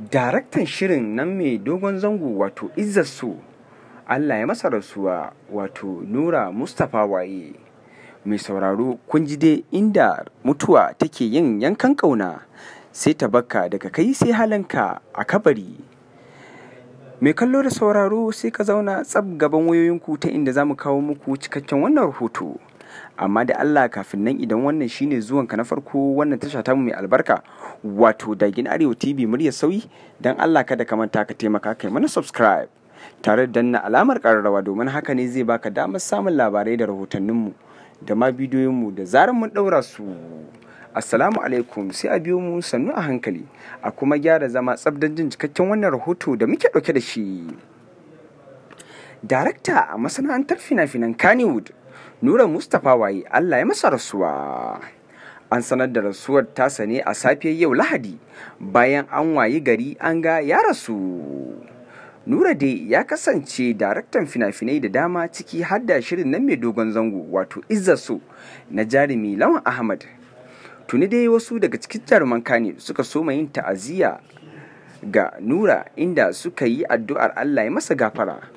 daraktan shirin nan mai dogon zango wato izzarsu allah ya masa rasuwa wato nura mustapha waye mai sauraro kun ji dai inda mutuwa take yin yankan ƙauna sai ta baka daga kai sai halanka a kabari mai kallo da sauraro sai ka zauna tsab gaban wayoyinku ta inda za mu kawo muku cikakken wannan rahoto amma da Allah kafin nan idan wannan shine zuwan ka na farko wannan tasha ta mu mai albarka wato dagin arewa tv murya sauyi dan Allah kada ka manta ka taimaka kai mana subscribe tare da danna alamar kararrawa domin haka ne zai baka damar samun labarai da rahotannin mu da ma bidiyoyinmu da zarar mun daura su assalamu alaikum sai a biyo mu sannu a hankali a kuma gyara zama tsabdan jin cikakken wannan rahoto da muke ɗauke da shi darakta a masana'antar fina-finan Kannywood, Nura Mustapha waye Allah ya masa rasuwa. An sanar da rasuwar tasa ne a safiyar yau Lahadi bayan an wayi gari an ga ya rasu. Nura dai ya kasance daraktan fina-finai da dama ciki har da shirin nan mai dogon zango wato izzaso na jarumi Lawan Ahmad. Tuni dai wasu daga cikin jaruman Kani suka soma yin ta'aziyya ga Nura inda suka yi addu'ar Allah ya masa gafara.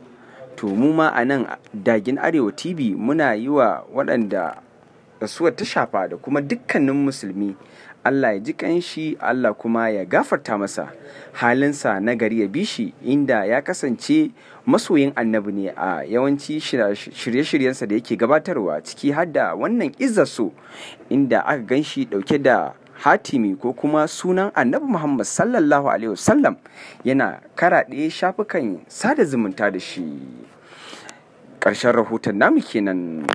to mu ma a nan dagin arewa tv muna yi wa waɗanda rasuwar ta shafa da kuma dukkanin musulmi Allah ya ji kanshi Allah kuma ya gafarta masa halinsa na gari ya bishi inda ya kasance masoyin annabi ne a yawanci shirye-shiryensa da yake gabatarwa ciki har da wannan izzaso inda aka ganshi dauke da hatimi ko kuma sunan annabi muhammad sallallahu alaihi wasallam yana karaɗe shafukan sada zumunta da shi ƙarshen rahoton namu kenan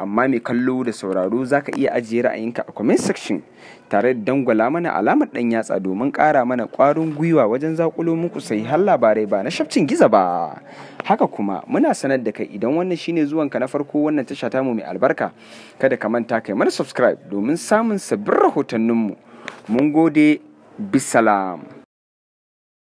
amma mai kallo da sauraro za ka iya ajiye ra'ayinka a comment section tare da dangwala mana alamar ɗan yatsa domin ƙara mana ƙwarin gwiwa wajen zakulo muku sai har labarai ba na shafcin giza ba haka kuma muna sanar da kai idan wannan shine zuwan ka na farko wannan tasha mu mai albarka kada ka manta kai mana subscribe domin samun sabbin rahotanninmu mun gode bisalam